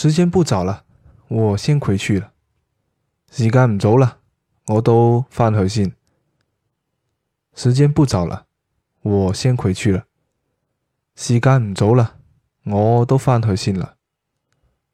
時間不早了，我先回去了。時間唔早了，我都翻去先。時間不早了，我先回去了。時間唔早了，我都翻去先啦。